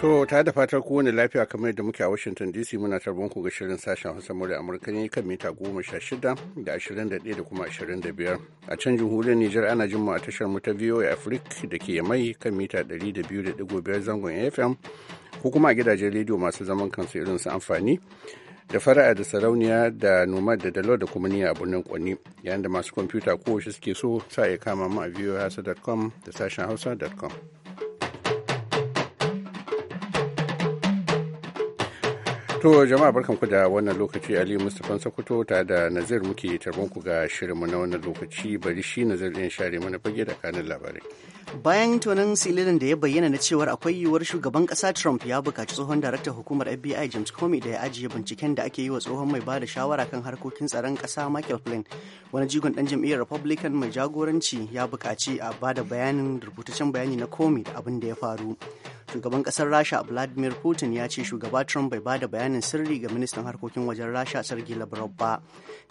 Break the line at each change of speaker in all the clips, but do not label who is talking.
To ta da fatar kowane lafiya kamar yadda muke a Washington DC muna tarbon ku ga shirin sashen Hausa mura Amurka ne kan mita goma sha shida da ashirin da ɗaya da kuma ashirin da biyar. A can jamhuriyar Nijar ana jin mu a tashar mu ta VOA Africa da ke mai kan mita ɗari da biyu da ɗigo biyar zangon FM ko kuma a gidajen rediyo masu zaman kansu irin su amfani da fara'a da sarauniya da noma da dalo da kuma niyya a birnin kwanni yayin da masu kwamfuta kowace suke so sa ya kama mu a voahausa.com da sashen hausa.com. To jama'a barkan ku da wannan lokaci Ali Mustapha Sokoto ta da Nazir muke tarbon ku ga shirinmu na wannan lokaci bari shi Nazir din share mana fage da kanin labarai.
Bayan tonin sililin da ya bayyana na cewar akwai yiwuwar shugaban kasa Trump ya buƙaci tsohon daraktan hukumar FBI James Comey da ya ajiye binciken da ake yi wa tsohon mai bada shawara kan harkokin tsaron kasa Michael Flynn. Wani jigon dan jam'iyyar Republican mai jagoranci ya buƙaci a bada bayanin rubutaccen bayani na Comey da abin da ya faru. shugaban kasar rasha vladimir putin ya ce shugaba trump bai bada bayanin sirri ga ministan harkokin wajen rasha sergei lavrov ba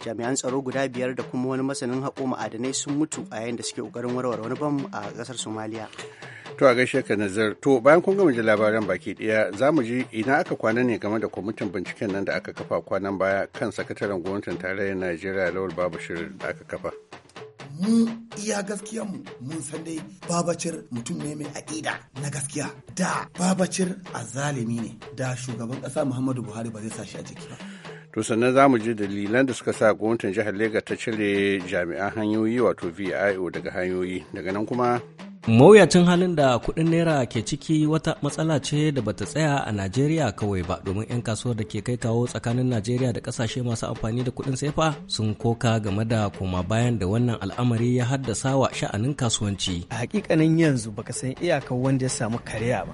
jami'an tsaro guda biyar da kuma wani masanin hako ma'adanai sun mutu a yayin da suke ƙoƙarin warware wani bam a kasar somaliya
to a gaishe ka nazar to bayan kun gama da labaran baki ɗaya za mu ji ina aka kwana ne game da kwamitin binciken nan da aka kafa kwanan baya kan sakataren gwamnatin tarayyar najeriya lawal babu shirin da aka kafa
mu iya gaskiyar mu mun san dai babacir mutum ne mai aƙida na gaskiya da babacir zalimi ne da shugaban ƙasa muhammadu buhari ba zai sa
shi a jiki ba to sannan za mu ji dalilan da suka sa gwamnatin jihar lagos ta cire jami'an hanyoyi wato vio daga hanyoyi daga nan kuma
mawuyacin halin da kuɗin naira ke ciki wata matsala ce da bata tsaya a najeriya kawai ba domin 'yan kasuwar da ke kai kawo tsakanin najeriya da ƙasashe masu amfani da kuɗin sefa sun koka game da koma bayan da wannan al'amari ya haddasa wa sha'anin kasuwanci a hakikanin yanzu baka san iyakar wanda ya samu kariya ba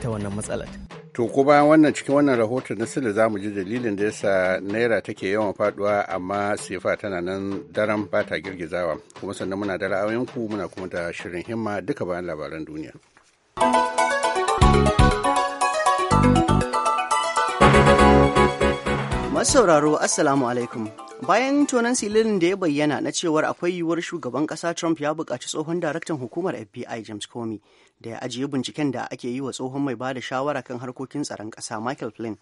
ta wannan matsalar
To ko bayan wannan cikin wannan rahoton na sila za mu ji dalilin da yasa naira take yawan faduwa amma sefa tana nan daren ba ta girgizawa kuma sannan muna da ku muna kuma da shirin himma duka bayan labaran duniya.
Masauraro Assalamu alaikum. Bayan tonan silin da ya bayyana na cewar akwai yiwuwar shugaban ƙasa Trump ya buƙaci tsohon daraktan hukumar FBI James Comey da ya ajiye binciken da ake yi wa tsohon mai bada shawara kan harkokin tsaron ƙasa michael flynn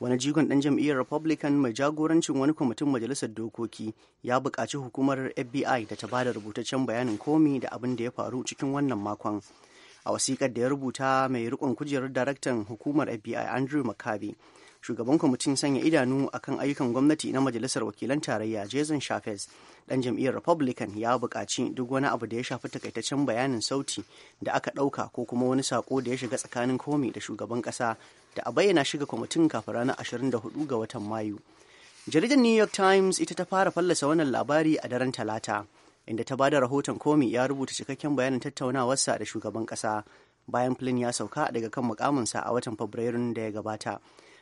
wani jigon ɗan jam'iyyar republican mai jagorancin wani kwamitin majalisar dokoki ya buƙaci hukumar fbi da ta bada rubutaccen bayanin komi da abin da ya faru cikin wannan makon a wasikar da ya rubuta mai riƙon kujerar daraktan hukumar fbi andrew mccabe shugaban kwamitin sanya idanu akan ayyukan gwamnati na majalisar wakilan tarayya jason shafes dan jam'iyyar republican ya buƙaci duk wani abu da ya shafi takaitaccen bayanin sauti da aka ɗauka ko kuma wani sako da ya shiga tsakanin komi da shugaban ƙasa da a bayyana shiga kwamitin kafin ranar 24 ga watan mayu jaridar new york times ita ta fara fallasa wannan labari a daren talata inda ta bada rahoton komi ya rubuta cikakken bayanin tattaunawarsa da shugaban ƙasa bayan Flynn ya sauka daga kan mukaminsa a watan Fabrairun da ya gabata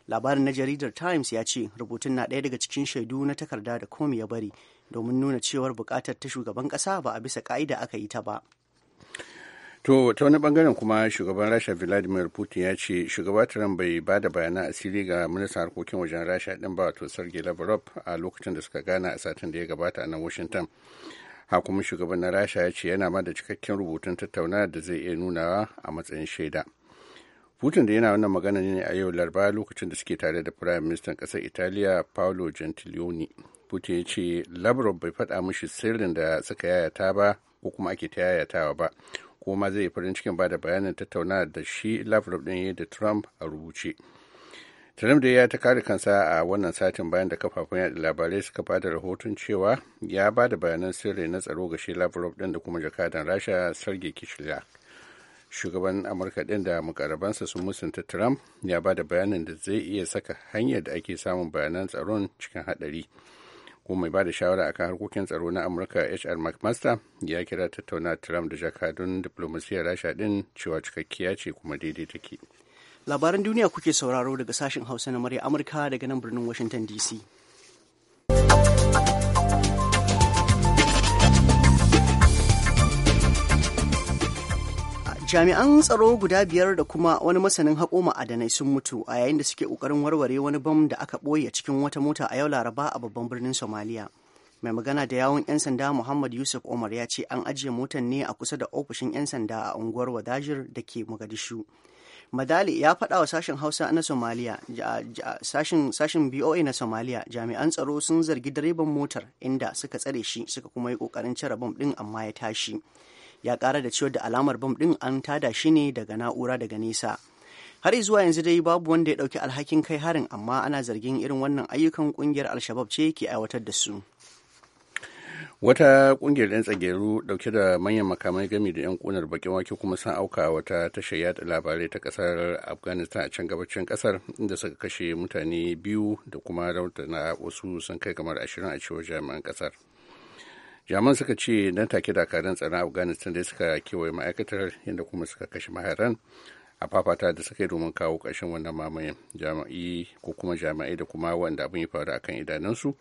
labarin na jaridar times ya ce rubutun na ɗaya daga cikin shaidu na takarda da komi ya bari domin nuna cewar buƙatar ta shugaban ƙasa ba a bisa ka'ida aka yi ta ba
To ta wani bangaren kuma shugaban Rasha Vladimir Putin ya ce shugaba Trump bai ba da bayanan asiri ga ministan harkokin wajen Rasha din ba wato Sergei Lavrov a lokacin da suka gana a satin da ya gabata a nan Washington. Hakumin shugaban na Rasha ya ce yana ma da cikakken rubutun tattaunawa da zai iya nunawa a matsayin shaida. Putin da yana wannan magana ne a yau laraba lokacin da suke tare da Firayim Ministan ƙasar Italiya Paolo Gentiloni. Putin ya ce Lavrov bai faɗa mushi sirrin da suka yayata ba ko kuma ake ta yayatawa ba. Kuma zai farin cikin ba da bayanin tattauna da shi Lavrov ɗin da Trump a rubuce. Trump da ya ta kare kansa a wannan satin bayan da kafafen yaɗa labarai suka bada rahoton cewa ya ba da bayanan sirri na tsaro ga shi Lavrov din da kuma jakadan Rasha Sergei Kishilya. shugaban amurka ɗin da mukarabansa sun musunta trump ya ba da bayanin da zai iya saka hanyar da ake samun bayanan tsaron cikin haɗari kuma mai ba da shawara akan harkokin tsaro na amurka hr mcmaster ya kira tattauna trump da jakadun diplomasiyyar rasha ɗin cewa cikakkiya ce kuma daidai take
labaran duniya kuke sauraro daga sashen hausa na murya amurka daga nan birnin washington dc jami'an tsaro guda biyar da kuma wani masanin haƙo ma'adanai sun mutu a yayin da suke ƙoƙarin warware wani bam da aka ɓoye cikin wata mota a yau laraba a babban birnin somaliya mai magana da yawon 'yan sanda muhammad yusuf omar ya ce an ajiye motar ne a kusa da ofishin 'yan sanda a unguwar wadajir da ke mogadishu madali ya faɗa wa sashen hausa na somaliya sashen boa na somaliya jami'an tsaro sun zargi direban motar inda suka tsare shi suka kuma yi kokarin cire bam ɗin amma ya tashi ya kara da cewa da alamar bam din an tada shi ne daga na'ura daga nesa har zuwa yanzu dai babu wanda ya dauki alhakin kai harin amma ana zargin irin wannan ayyukan kungiyar alshabab ce ke aiwatar da su
wata kungiyar 'yan tsageru dauke da manyan makamai gami da 'yan kunar bakin wake kuma sun auka wata tashar yada labarai ta kasar afghanistan a can gabacin kasar inda suka kashe mutane biyu da kuma rautana wasu sun kai kamar ashirin a cewar jami'an kasar jaman suka ce nan take dakarun tsaron afghanistan da suka kewaye ma'aikatar yadda kuma suka kashe maharan a fafata da suka yi domin kawo ƙarshen wannan mamayen jami'ai ko kuma jami'ai da kuma wanda abin ya faru akan idanunsu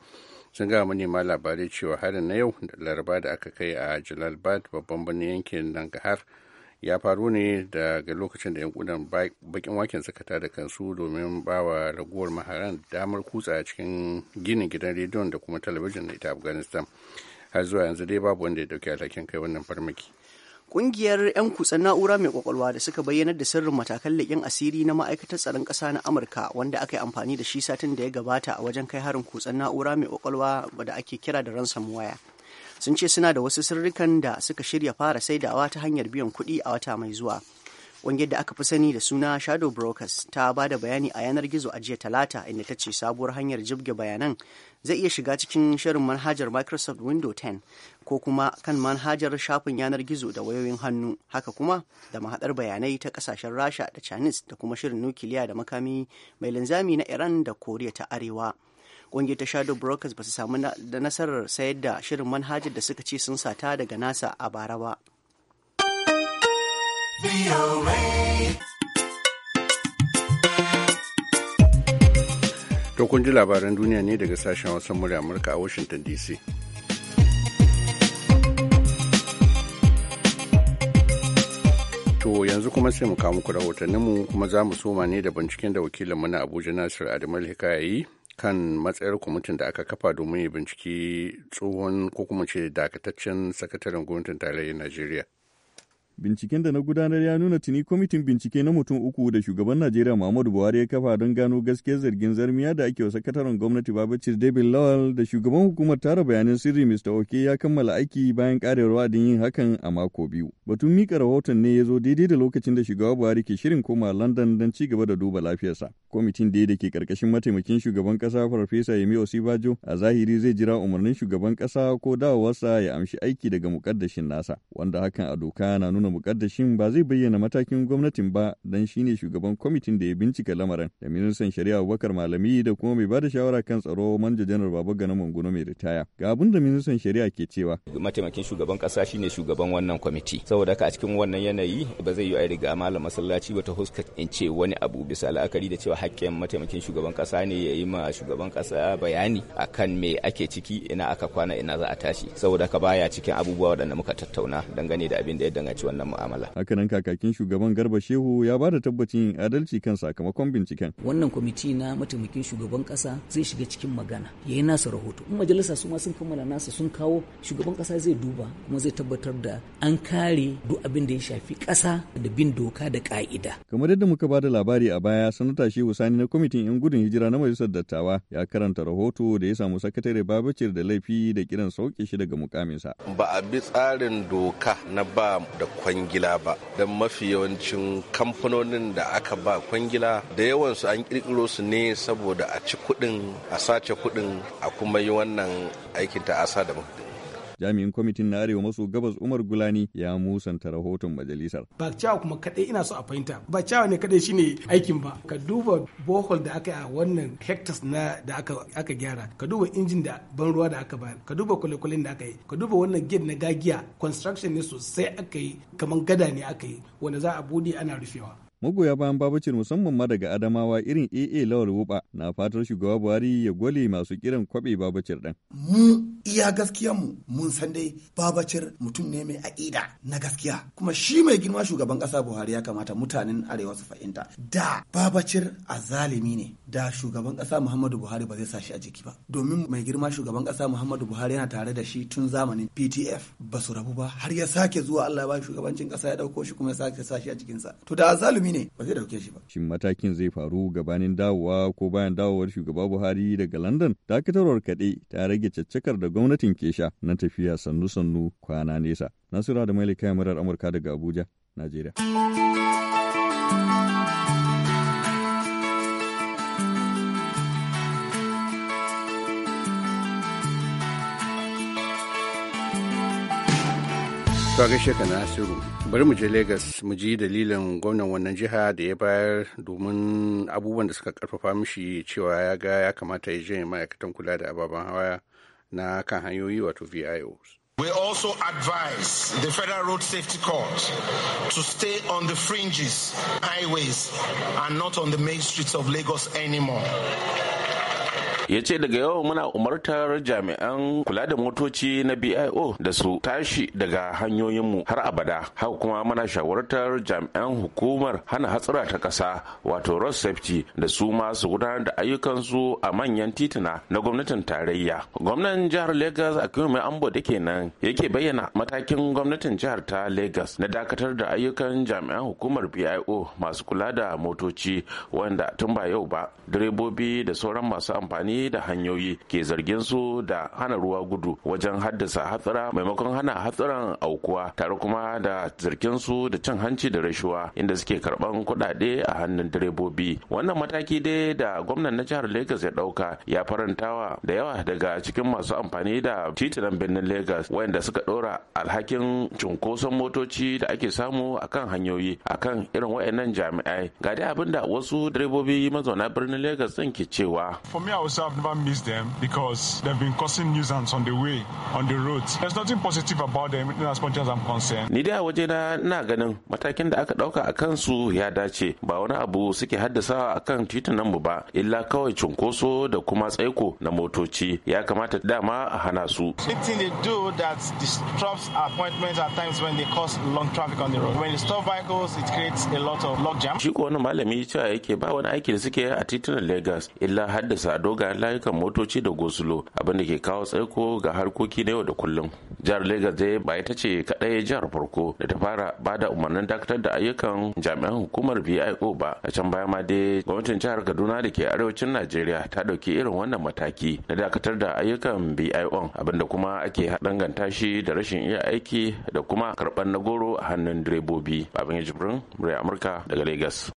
sun gaya manema labarai cewa harin na yau da laraba da aka kai a jalalbad babban birnin yankin nan gahar ya faru ne daga lokacin da yan kudan bakin waken suka tada kansu domin bawa raguwar maharan damar kutsa a cikin ginin gidan rediyon da kuma talabijin na ita afghanistan har zuwa yanzu dai babu wanda ya dauki alhakin kai wannan farmaki
Ƙungiyar 'yan kutsen na'ura mai kwakwalwa da suka bayyanar da sirrin matakan leƙen asiri na ma'aikatar tsaron ƙasa na Amurka wanda aka yi amfani da shi satin da ya gabata a wajen kai harin kutsen na'ura mai kwakwalwa da ake kira da waya Sun ce suna da wasu sirrikan da suka shirya fara saidawa ta hanyar biyan kuɗi a wata mai zuwa. Ƙungiyar da aka fi sani da suna Shadow Brokers ta ba da bayani a yanar gizo a jiya Talata inda ta ce sabuwar hanyar jibge bayanan zai iya shiga cikin shirin manhajar Microsoft Windows 10 ko kuma kan manhajar shafin yanar gizo da wayoyin hannu haka kuma da mahaɗar bayanai ta ƙasashen Rasha da Chinese da kuma shirin nukiliya da makami mai linzami na Iran da Koriya ta Arewa. kungiyar ta shadow brokers ba su samu da nasarar sayar da shirin manhajar da suka ce sun sata daga nasa a bara ba
To kun ji labaran duniya ne daga sashen wasan murya Amurka a Washington DC. To yanzu kuma sai mu kawo muku mu kuma za mu soma ne da binciken da wakilin mu na Abuja Nasir Adamal Hikaya yi kan matsayar kwamitin da aka kafa domin yin binciki tsohon ko kuma ce dakataccen sakataren gwamnatin tarayyar Najeriya.
Binciken da na gudanar ya nuna tuni kwamitin bincike na mutum uku da shugaban Najeriya Muhammadu Buhari ya kafa don gano gaskiyar zargin zarmiya da ake wa sakataren gwamnati Babacir David Lawal da shugaban hukumar tara bayanan sirri Mr. Oke ya kammala aiki bayan karewar wa'adin yin hakan a mako biyu. Batun mika rahoton ne ya zo daidai da lokacin da shugaba Buhari ke shirin koma London don ci gaba da duba lafiyarsa. Kwamitin da da ke karkashin mataimakin shugaban kasa Farfesa Yemi Osibajo a zahiri zai jira umarnin shugaban kasa ko dawowarsa ya amshi aiki daga mukaddashin nasa wanda hakan a doka na nuna mukaddashin ba zai bayyana matakin gwamnatin ba don shi ne shugaban kwamitin da ya bincika lamarin da ministan shari'a Abubakar Malami da kuma mai bada shawara kan tsaro manja janar Baba Gana Manguno mai ritaya. Ga abin da ministan shari'a ke cewa.
Mataimakin shugaban kasa shi ne shugaban wannan kwamiti. Saboda haka a cikin wannan yanayi ba zai yi a riga malam masallaci ba ta huska in ce wani abu bisa la'akari da cewa hakkin mataimakin shugaban kasa ne ya yi ma shugaban kasa bayani akan me ake ciki ina aka kwana ina za a tashi saboda haka baya cikin abubuwa waɗanda muka tattauna dangane da abin da ya danganci wannan mu'amala.
nan kakakin shugaban Garba Shehu ya ba da tabbacin adalci kan sakamakon binciken.
Wannan kwamiti na mataimakin shugaban
kasa zai shiga cikin magana ya yi nasa rahoto. In majalisa su ma sun kammala nasa sun kawo shugaban kasa zai duba kuma zai tabbatar da an kare duk abin da ya shafi kasa da bin doka da
ka'ida.
Kamar yadda muka ba da labari a baya sanata Shehu Sani na kwamitin 'yan gudun hijira na majalisar dattawa ya karanta rahoto da ya samu sakatare Babacir da laifi da kiran sauke shi daga mukaminsa.
Ba a bi tsarin doka na ba da kwangila ba don mafi yawancin
kamfanonin da aka ba kwangila da yawansu an kirkiro su ne saboda a ci kuɗin a sace kuɗin a kuma yi wannan aikin ta'asa da mafi
jami'in kwamitin na arewa maso gabas umar gulani ya musanta rahoton majalisar
ba cewa kuma kadai ina so
a fahimta ba cewa ne kadai shine aikin ba ka duba bohol da aka a wannan hectares na da aka aka gyara ka duba injin da ban ruwa da aka bayar ka duba kwalekwalen da aka yi ka duba wannan gate na gagiya construction ne sosai aka yi kamar gada ne aka yi wanda za a bude ana rufewa
magoya bayan babacin musamman ma daga adamawa irin aa lawal wuba na fatar shugaba buhari ya gwale masu kiran kwabe babacir din
mu iya gaskiya mu mun san dai babacir mutum ne mai aƙida na gaskiya kuma shi mai girma shugaban kasa buhari ya kamata mutanen arewa su fahimta da babacir a zalimi ne da shugaban ƙasa muhammadu buhari ba zai sa shi a jiki ba domin mai girma shugaban ƙasa muhammadu buhari yana tare da shi tun zamanin ptf ba su rabu ba har ya sake zuwa allah ya ba shugabancin ƙasa ya dauko shi kuma ya sake sa shi a jikinsa to da zalimi
ne
ba zai dauke shi ba shin matakin zai faru gabanin dawowa ko bayan dawowar shugaba Buhari daga London dakatarwar kaɗai ta rage caccakar da gwamnatin ke na tafiya sannu sannu kwana nesa Nasura da Mailika murar Amurka daga Abuja Najeriya
To gaishe ka Nasiru, bari mu je Legas mu ji dalilin gwamnan wannan jiha da ya bayar domin abubuwan da suka karfafa mishi cewa ya ga ya kamata ya je ma'aikatan kula da ababen hawa na kan hanyoyi wato VIOs.
We also advise the Federal Road Safety Court to stay on the fringes, highways, and not on the main streets of Lagos anymore. ya ce daga yau muna umartar jami'an kula da motoci na bio da su tashi daga hanyoyinmu har abada haka kuma muna shawartar jami'an hukumar hana hatsura ta ƙasa wato road safety da su masu gudanar da ayyukansu a manyan tituna na gwamnatin tarayya gwamnan jihar lagos a mai ambo da kenan yake bayyana matakin gwamnatin jihar ta lagos na dakatar da ayyukan jami'an hukumar bio masu kula da motoci wanda tun ba yau ba direbobi da sauran masu amfani da hanyoyi ke zargin su da hana ruwa gudu wajen haddasa hatsara maimakon hana hatsaran aukuwa tare kuma da zargin su da cin hanci da rashuwa inda suke karban kuɗaɗe a hannun direbobi wannan mataki dai da gwamnan na jihar Legas ya ɗauka ya farantawa da yawa daga cikin masu amfani da titunan birnin Legas, wayanda suka ɗora alhakin cunkoson motoci da ake samu akan hanyoyi akan irin wayannan jami'ai ga dai abin da wasu direbobi mazauna birnin lagos din ke cewa for me i was so I've never missed them because they've been causing nuisance on the way, on the roads. There's nothing positive about them in as much as I'm concerned. Ni dai waje na ina ganin matakin da aka dauka a kansu ya dace ba wani abu suke haddasa a kan titunan mu ba illa kawai cunkoso da kuma tsaiko na motoci ya kamata dama a hana su. Anything they do that disrupts appointments at times when they cause long traffic on the road. When they stop vehicles it creates a lot of log jam. Shi ko wani malami cewa yake ba wani aiki da suke a titunan Lagos illa haddasa doga kayan layukan motoci da gosulo abin da ke kawo tsaiko ga harkoki na yau da kullum jihar Legas dai ba ita ce kadai jihar farko da ta fara ba da umarnin dakatar da ayyukan jami'an hukumar bio ba a can baya ma dai gwamnatin jihar kaduna da ke arewacin najeriya ta dauki irin wannan mataki na dakatar da ayyukan bio abinda kuma ake danganta shi da rashin iya aiki da kuma karban na goro a hannun direbobi babin jibrin murai amurka daga Legas.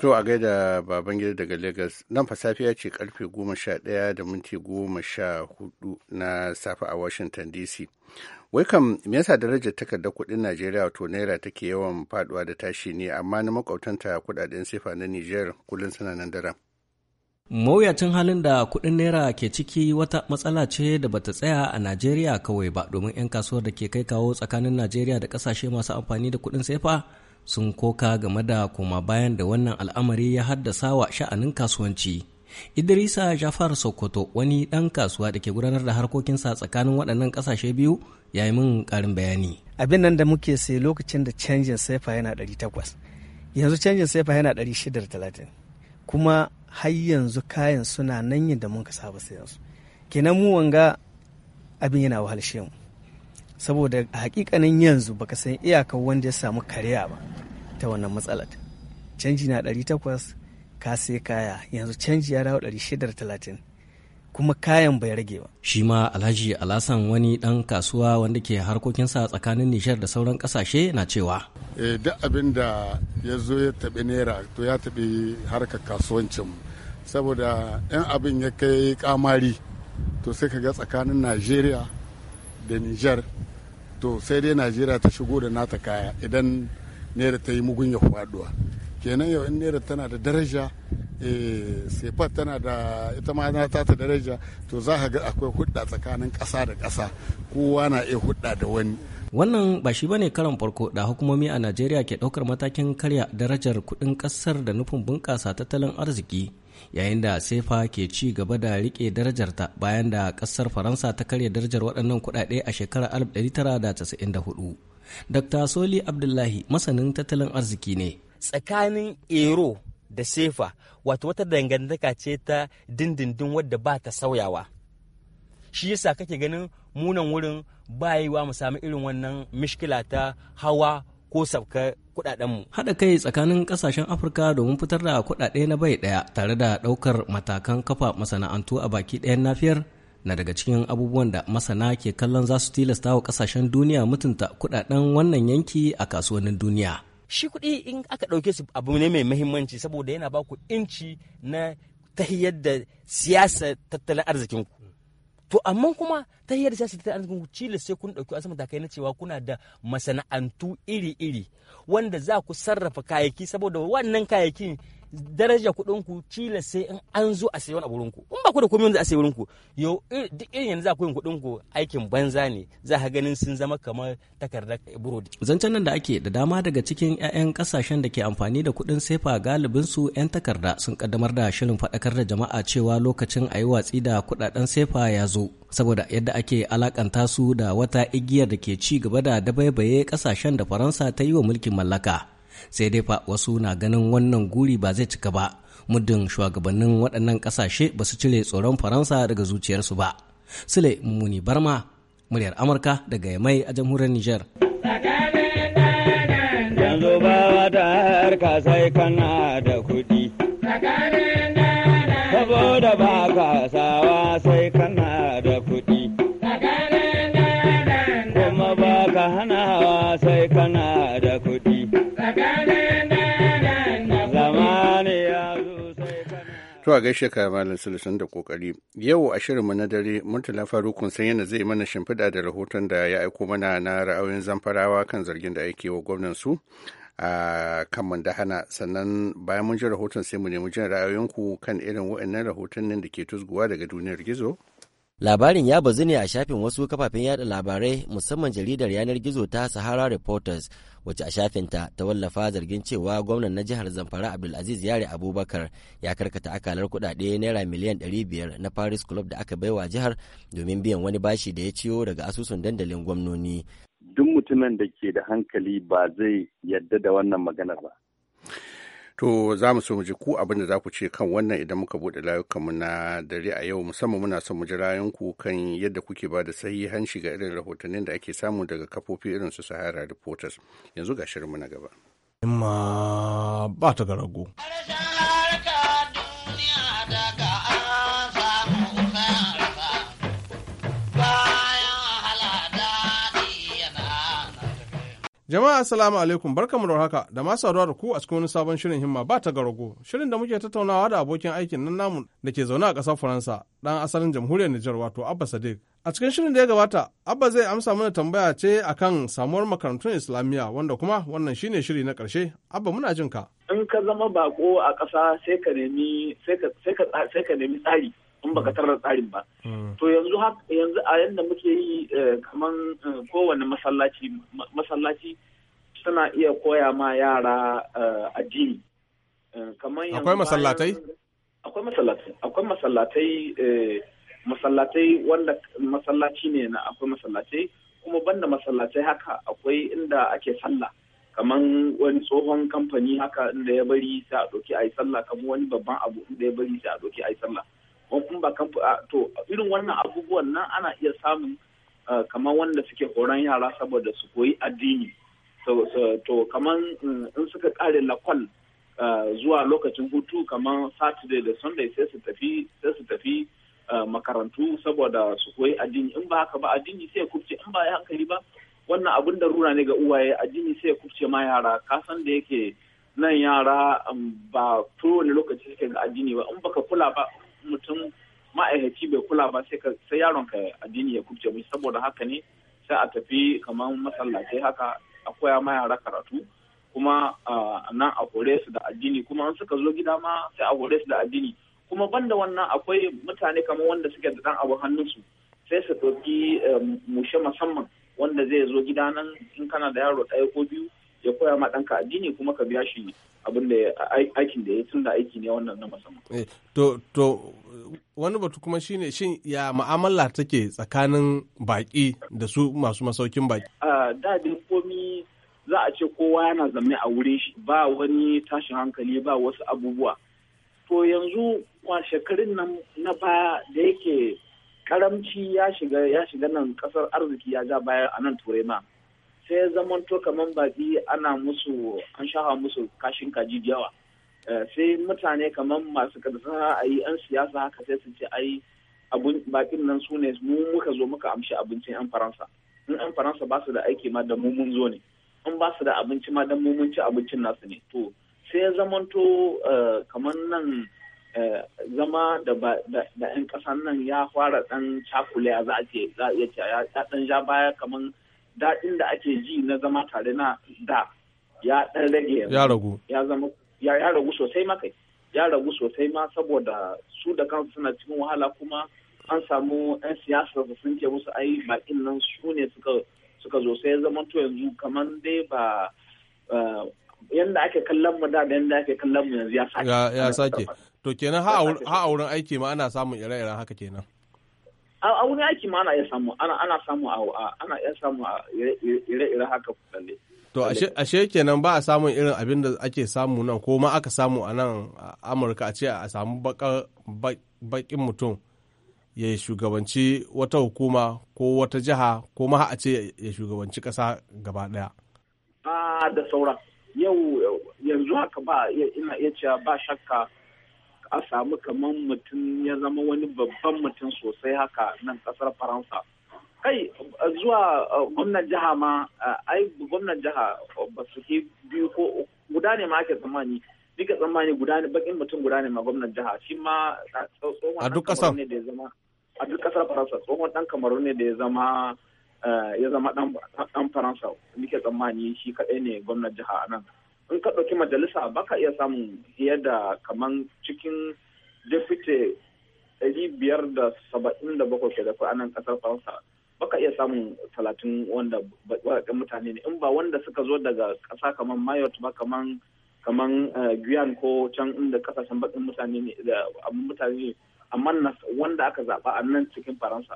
To a gaida Babangida daga Lagos nan fa safiya ce karfe ɗaya da minti 14 na safe a Washington DC. Wai me yasa darajar takardar kuɗin Najeriya wato naira take yawan faduwa da tashi ne amma na makwabtanta kuɗaɗen sifa na Niger kullum suna nan daren.
Mawuyacin halin da kuɗin Naira ke ciki wata matsala ce da bata tsaya a Najeriya kawai ba domin 'yan kasuwar da ke kai kawo tsakanin Najeriya da kasashe masu amfani da kuɗin sefa sun koka game da koma bayan da wannan al'amari ya haddasa wa sha'anin kasuwanci. Idrisa Jafar Sokoto wani ɗan kasuwa da ke gudanar da harkokinsa tsakanin waɗannan ƙasashe biyu ya yi min ƙarin bayani. Abin nan da muke sai lokacin da canjin sefa yana 800 yanzu canjin sefa yana 630 kuma har yanzu kayan suna nan yadda mun ka saba sayan su kenan mu wanga abin yana wahalshe mu saboda hakikanin yanzu baka san iyakar wanda ya samu kariya ba ta wannan matsalar canji na 800 ka sai kaya yanzu canji ya dawo 630 kuma kayan bai rage ba shi ma alhaji alasan wani dan kasuwa wanda ke harkokinsa tsakanin nishar da sauran kasashe na cewa eh, duk abin da ya zo ya taɓi naira to ya taɓi harkar kasuwancin mu. saboda yan abin ya kai kamari to sai ka ga tsakanin najeriya da niger to sai dai najeriya ta shigo da nata kaya idan nera ta yi mugun ya faduwa kenan yau in nera tana da daraja eh, sefat tana da ita ma na ta daraja to za ka ga akwai hudda tsakanin kasa da kasa kowa na iya hudda da wani wannan ba shi bane karan farko da hukumomi a najeriya ke ɗaukar matakin karya darajar kudin ƙasar da nufin bunƙasa tattalin arziki yayin da sefa ke ci gaba da rike darajarta bayan da kasar faransa ta karya darajar waɗannan kuɗaɗe a shekarar 1994 dr soli abdullahi masanin tattalin arziki ne tsakanin ero da sefa wato wata dangantaka ce ta dindindin wadda ba ta sauyawa shi yasa kake ganin munan wurin bayiwa mu sami irin wannan mishkila ta hawa ko sabka kudadenmu. Haɗa kai tsakanin ƙasashen Afirka domin fitar da kuɗaɗe na bai ɗaya tare da ɗaukar matakan kafa masana'antu a baki ɗayan nafiyar na daga cikin abubuwan da masana ke kallon za su tilasta wa ƙasashen duniya mutunta kudaden wannan yanki a kasuwannin duniya. Shi kuɗi in aka ɗauke su abu ne mai muhimmanci saboda yana baku ku inci na ta da siyasa tattalin arzikinku. to amma kuma ta hiyar da siyasa ta arzikin cile sai kun ɗauki wasu matakai na cewa kuna da masana'antu iri-iri wanda za ku sarrafa kayayyaki saboda wannan kayayyakin daraja kuɗin ku kila sai in an zo a sayi wani abu ku in ba ku da komai wanda a sayi ku yau duk irin yanzu za ku yin kuɗin ku aikin banza ne za ka ganin sun zama kamar takardar burodi zancen nan da ake da dama daga cikin 'ya'yan kasashen da ke amfani da kuɗin sefa galibin su 'yan takarda sun kaddamar da shirin faɗakar da jama'a cewa lokacin a yi watsi da kuɗaɗen sefa ya zo saboda yadda ake alakanta su da wata igiyar da ke ci gaba da dabaibaye kasashen da faransa ta yi wa mulkin mallaka sai dai fa wasu na ganin wannan guri ba zai cika ba muddin shugabannin waɗannan ƙasashe ba su cire tsoron faransa daga zuciyarsu ba sule mummuni barma muryar amurka daga yamai a jamhuriyar niger kana da kuɗi
saboda ba ka
sawa sai kana da kuɗi kuma ba ka hanawa sai kana da
a gaishe ka malam sulusun da kokari. Yau a shirinmu na dare Murtala Farukun san yana zai mana shimfiɗa da rahoton da ya aiko mana na ra'ayoyin zamfarawa kan zargin da ake wa gwamnan su a kan mandahana sannan bayan mun ji rahoton sai mu nemi jin ra'ayoyinku kan irin waɗannan rahoton da ke tusguwa daga duniyar gizo
Labarin ya bazu ne a shafin wasu kafafen yada labarai musamman jaridar yanar gizo ta Sahara Reporters wacce a shafinta ta wallafa zargin cewa gwamnan na jihar Zamfara Abdulaziz Yare Abubakar ya karkata akalar kudade naira miliyan 500 na Paris Club da aka baiwa jihar domin biyan wani bashi da
ya ciyo daga asusun dandalin gwamnoni.
Duk mutumin da ke da hankali ba zai yadda da wannan maganar ba.
to za mu so mu ji ku abin da za ku ce kan wannan idan muka buɗe mu na dare a yau musamman muna son mu ji ku kan yadda kuke ba da sahihanci ga irin rahotannin da ake samu daga kafofi irin su sahara reporters yanzu ga mu na gaba.
ma ba ta garago. Jama'a assalamu alaikum barkamu da haka da ma saduwa da ku a cikin wani sabon shirin himma ba ta garago shirin da muke tattaunawa da abokin aikin nan namu da ke zaune a ƙasar Faransa dan asalin jamhuriyar Nijar wato Abba Sadiq. A cikin shirin da ya gabata Abba zai amsa mana tambaya ce akan samuwar makarantun Islamiyya wanda kuma wannan shine shiri na ƙarshe Abba muna jin ka.
In ka zama bako a ƙasa sai ka nemi sai ka sai ka nemi tsari in baka tarar tsarin ba hmm. to yanzu yanzu a yanda muke yi eh, kaman eh, kowane masallaci masallaci suna iya koya ma yara eh, addini kaman akwai masallatai akwai masallatai akwai masallatai masallatai wanda masallaci ne na akwai masallatai kuma banda masallatai haka akwai inda ake sallah kaman wani tsohon kamfani haka inda ya bari sai a ɗauki a yi sallah kamar wani babban abu inda ya bari sai a ɗauki a yi sallah in ba kan to irin wannan abubuwan nan ana iya samun kamar wanda suke horon yara saboda su koyi addini to kamar mm, in suka kare lakwal zuwa lokacin hutu kamar saturday da sunday sai su tafi sai su tafi makarantu saboda su koyi addini in ba haka ba addini sai ya kubce in ba ya hankali ba wannan abin da rura ne ga uwaye addini sai ya kubce ma yara kasan da yake nan yara mm, ba ne lokacin suke ga addini ba in baka kula ba mutum ma'aikaci bai kula ba sai yaron ka addini ya kubce mishi saboda haka ne sai a tafi kamar masallatai haka a koya ma yara karatu kuma nan a hore su da addini kuma an suka zo gida ma sai a hore su da addini kuma banda wannan akwai mutane kamar wanda suke da dan abu su sai su ɗauki eh, mushe musamman wanda zai zo gida nan in kana da yaro ɗaya ko biyu ya koya ma ɗanka addini kuma ka biya shi abin da aikin da ya tun da aiki ne wannan na musamman.
Eh,
to, wani batu kuma ne, shin ya ma'amala take tsakanin baƙi da su masu masaukin baƙi?
Da dai komi za a ce kowa yana zaune a wuri shi ba wani tashin hankali ba wasu abubuwa. To yanzu shekarun nan na baya da yake karamci ya shiga nan kasar arziki ya ja baya a nan turai ma. sai to kamar baki ana musu an shaha musu kashin kaji da yawa eh, sai mutane kamar masu karsa a yi yan siyasa haka sai su ce ai bakin nan su ne mu muka zo muka amshi abincin yan faransa in yan faransa ba su da aiki ma da mu mun zo ne in ba su da abinci ma dan mu mun ci abincin nasu ne to sai zamanto eh, kamar nan eh, zama da yan kasan nan ya fara dan cakule za a ce za a ya dan ja baya kamar daɗin da ake ji na zama tare na da ya ɗan rage ya ragu ya zama ya ragu sosai ma kai ya ragu sosai ma saboda su da kansu suna cikin wahala kuma an samu 'yan siyasa da sun ce musu ai bakin nan su ne suka zo sai zama to yanzu kamar dai ba yanda ake kallon mu da da yanda ake kallon mu yanzu ya sake ya sake
to kenan ha a wurin aiki ma ana samun ire-iren haka kenan
a wani aiki ma ana iya samu ana samu a ana iya samu a ire-ire haka lalle
to ashe kenan ba a samun irin abin da ake samu nan ko ma aka samu a nan amurka a ce a samu bakin mutum ya shugabanci wata hukuma ko wata jiha ko ma a ce ya shugabanci kasa gaba daya
da sauran yau yanzu haka ba ina iya cewa ba shakka a samu kamar mutum ya zama wani babban mutum sosai haka nan kasar faransa kai zuwa uh, gwamnan jiha ma uh, ai gwamnan jiha uh, ba su ke biyu ko guda ne ma ake tsammani duka tsammani guda ne bakin mutum guda ne ma gwamnan jiha shi ma a duk kasar ne da ya zama a duk kasar faransa tsohon dan kamaru ne da ya zama ya zama dan faransa nike tsammani shi kadai ne gwamnan jiha a nan in ka ɗauki majalisa ba ka iya samun fiye da kaman cikin jefite ɗari biyar da saba'in da bakwai ke da a nan ƙasar faransa ka iya samun talatin wanda baƙaƙen mutane ne in ba wanda suka zo daga ƙasa kamar mayot ba kamar kamar eh, guyan ko can inda ƙasashen baƙin mutane ne da mutane ne amma wanda aka zaɓa a nan cikin faransa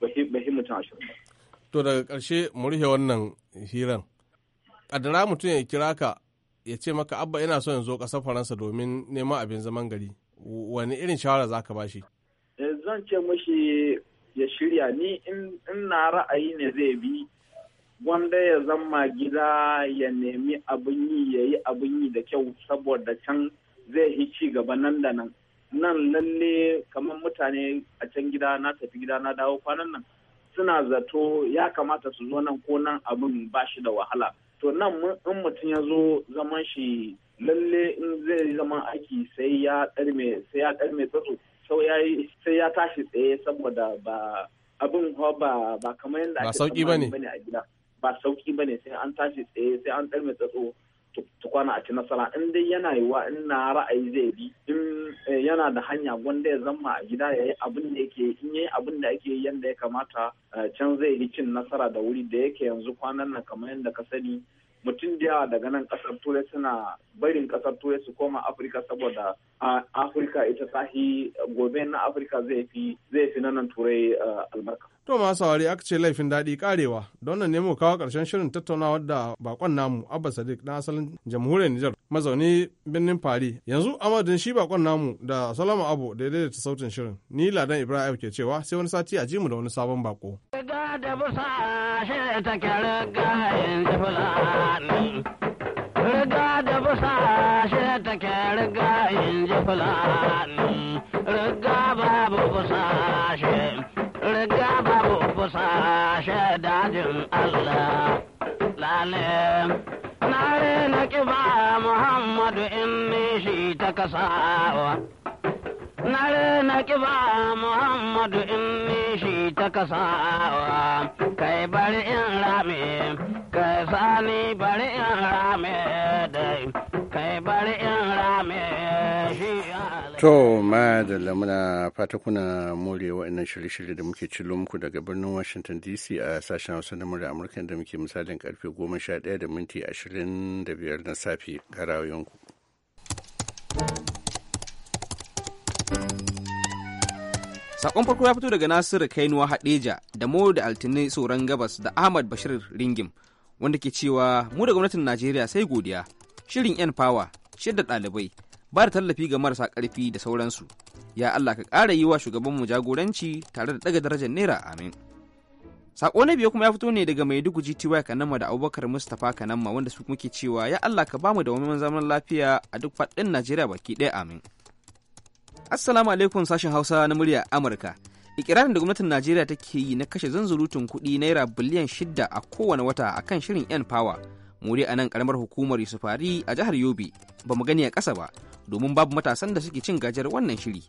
bai hi mutum ashirin ba.
to daga ƙarshe mu wannan hiran ƙadara mutum ya kira ka ya ce maka abba ina so in zo ƙasar faransa domin neman abin zaman gari wani irin shawara za ka bashi
eh, zan ce mashi ya shirya ni in na ra'ayi ne zai bi wanda ya zama gida ya nemi abin yi ya yi abin yi da kyau saboda can zai yi ci gaba nan da nan nan lalle kamar mutane a can gida na tafi gida na dawo kwanan nan suna zato ya kamata su zo nan ko nan abin ba shi da wahala to nan in mutum ya zo zaman shi lalle in zai zama aiki sai ya karme sai ya karme tsatso sai ya tashi tsaye saboda ba abin ba ba kamar yadda ake sauki bane a gida ba sauki bane sai an tashi tsaye sai an karme tsatso tukwana a ci nasara in dai yana yi in na ra'ayi zai bi in Eh, yana da hanya wanda ya zama a gida ya yi abin da yake in yi abin da ake yi yadda ya kamata eh, can zai yi cin nasara da wuri da yake yanzu kwanan nan kamar yadda ka sani mutum da yawa daga nan kasar turai suna barin kasar turai su koma afirka saboda afirka ita tahi gobe na afirka zai fi na nan turai eh, albarka
To ma saurari aka ce laifin daɗi karewa don nan ne mu kawo ƙarshen shirin tattaunawa da bakon namu Abba Sadiq na asalin jamhuriyar Nijar mazauni birnin Fari. Yanzu amadin shi bakon namu da Salama Abu da ya daidaita sautin shirin. Ni Ladan Ibrahim ke cewa sai wani sati a ji mu da wani sabon bako.
Riga da busa shi take riga in ji fulani. Riga babu busa lale na rena kiba muhammadu in ni shi ta kasawa na rena muhammadu in ni shi ta kasa kai bari in rame kai sani bari in dai kai bari in shi
to ma da lamuna fata kuna more wa'annan shirye-shirye da muke cillo muku daga birnin washington dc a sashen hausa na murya amurka da muke misalin karfe 11 da minti 25 na safe rayuwanku.
Sakon farko ya fito daga Nasiru Kainuwa Hadeja da Mo da Altine Tsoron Gabas da Ahmad Bashir Ringim wanda ke cewa mu da gwamnatin Najeriya sai godiya shirin 'yan fawa shidda ɗalibai ba da tallafi ga marasa ƙarfi da sauransu ya Allah ka ƙara yi wa shugabanmu jagoranci tare da ɗaga darajar naira amin sako na biyu kuma ya fito ne daga maiduguri ty kanamma da abubakar mustapha kanamma wanda su muke cewa ya allah ka bamu da wani zaman lafiya a duk faɗin najeriya baki ɗaya amin assalamu alaikum sashen hausa na murya amurka ikirarin da gwamnatin najeriya take yi na kashe zanzurutun kuɗi naira biliyan shida a kowane wata akan shirin yan power mu dai a nan karamar hukumar yusuf a jihar yobe ba mu gani a ƙasa ba domin babu matasan da suke cin gajiyar wannan shiri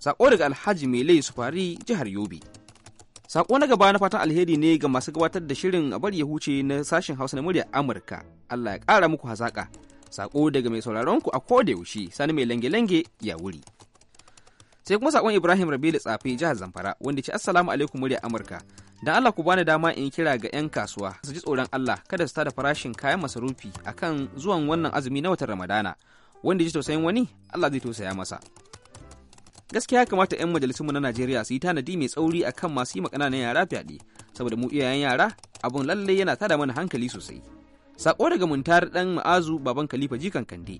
sako daga alhaji mele yusuf jihar yobe sako na gaba na fatan alheri ne ga masu gabatar da shirin a bari ya huce na sashen hausa na muryar amurka allah ya ƙara muku hazaƙa sako daga mai sauraron ku a koda yaushe sani mai lange-lange ya wuri sai kuma sakon ibrahim rabilu tsafe jihar zamfara wanda ce assalamu alaikum murya amurka dan allah ku bani dama in kira ga yan kasuwa su ji tsoron allah kada su tada farashin kayan masarufi akan zuwan wannan azumi na watan ramadana wanda ji tausayin wani allah zai tausaya masa gaskiya kamata yan majalisunmu na najeriya su yi tanadi mai tsauri akan masu yi kananan yara fyaɗe saboda mu iyayen yara abun lallai yana tada mana hankali sosai sako daga muntar dan ma'azu baban khalifa jikan kande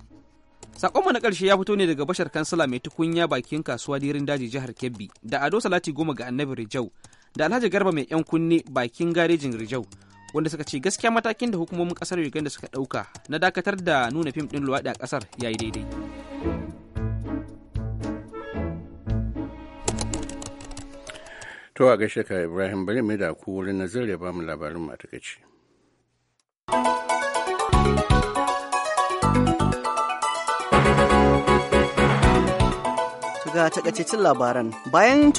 Sakonmu na ƙarshe ya fito ne daga bashar kansala mai tukunya bakin kasuwa dirin daji jihar Kebbi da Ado Salati goma ga Annabi Rijau da Alhaji Garba mai yan kunne bakin garejin Rijau wanda suka ce gaskiya matakin da hukumomin ƙasar Uganda suka ɗauka na dakatar da nuna fim ɗin luwaɗi a ƙasar ya yi daidai.
To a gaishe ka Ibrahim bari mai da ku wurin nazar ya ba mu labarin matakaici.
ga takaitaccen labaran. Bayan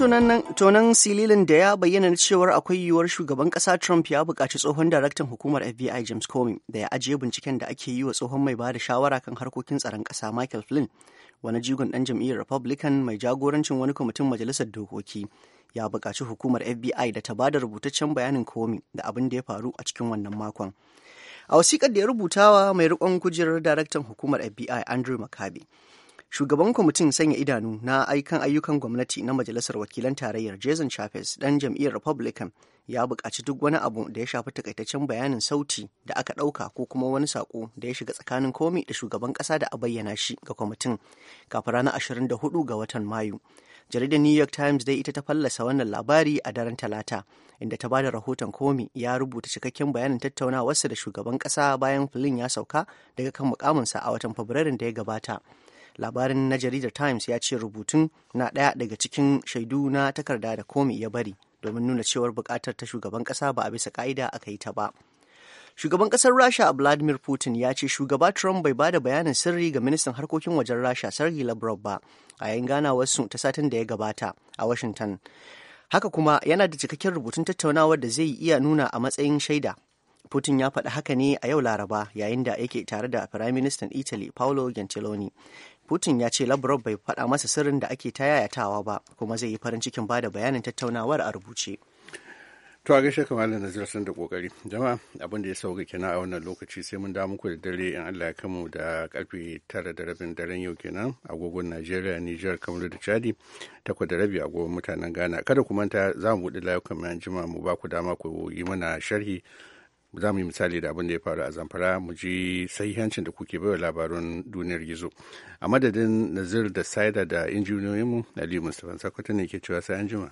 tonan sililin da ya bayyana cewar akwai yiwuwar shugaban kasa Trump ya buƙaci tsohon daraktan hukumar FBI James Comey da ya ajiye binciken da ake yi wa tsohon mai ba da shawara kan harkokin tsaron kasa Michael Flynn, wani jigon ɗan jam'iyyar Republican mai jagorancin wani kwamitin majalisar dokoki. Ya buƙaci hukumar FBI da ta ba da rubutaccen bayanin Comey da abin da ya faru a cikin wannan makon. A wasiƙar da ya rubuta wa mai riƙon kujerar daraktan hukumar FBI Andrew McCabe. Shugaban kwamitin sanya idanu na aikan ayyukan gwamnati na Majalisar Wakilan Tarayyar Jason Chafes ɗan jam'iyyar Republican ya buƙaci duk wani abu da ya shafi takaitaccen bayanin sauti da aka ɗauka ko kuma wani saƙo da ya shiga tsakanin komi da shugaban ƙasa da a bayyana shi ga kwamitin kafin ranar 24 ga watan Mayu. Jaridar New York Times dai ita ta fallasa wannan labari a daren Talata, inda ta bada rahoton komi ya rubuta cikakken bayanin tattaunawarsa da shugaban ƙasa bayan filin ya sauka daga kan mukaminsa a watan Fabrairun da ya gabata. labarin na jaridar times ya ce rubutun na ɗaya daga cikin shaidu na takarda da komi ya bari domin nuna cewar buƙatar ta shugaban ƙasa ba a bisa ƙa'ida aka yi ta ba shugaban ƙasar rasha vladimir putin ya ce shugaba trump bai ba da bayanin sirri ga ministan harkokin wajen rasha sergey lavrov ba a yayin ganawarsu ta satin da ya gabata a washington haka kuma yana da cikakken rubutun tattaunawar da zai iya nuna a matsayin shaida Putin ya faɗi haka ne a yau Laraba yayin da yake tare da Firaministan Italy Paolo Gentiloni Putin ya ce Lavrov bai faɗa masa sirrin da ake ta yayatawa ba kuma zai yi farin cikin bada bayanin tattaunawar a rubuce. To a gaishe
kamar da Nazir sun da kokari. Jama'a abin da ya sauka kenan a wannan lokaci sai mun damu ku da dare in Allah ya kamu da karfe tara da rabin daren yau kenan agogon Najeriya, Nijar, Kamaru da Chadi takwas da rabi agogon mutanen Ghana. Kada ku manta za mu buɗe layukan mai jima mu ba ku dama ku yi mana sharhi za mu yi misali da abin da ya faru a zamfara mu ji sahihancin da kuke baiwa labarun duniyar gizo a madadin nazir da saida da injiniyoyinmu aliyu mustapha sakwata ne ke cewa sai an jima.